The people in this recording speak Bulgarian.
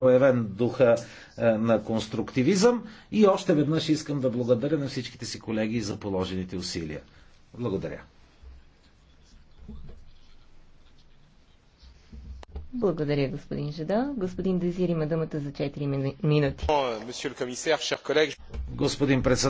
проявен духа е, на конструктивизъм и още веднъж искам да благодаря на всичките си колеги за положените усилия. Благодаря. Благодаря, господин Жада. Господин Дезир има думата за 4 минути. Господин председател,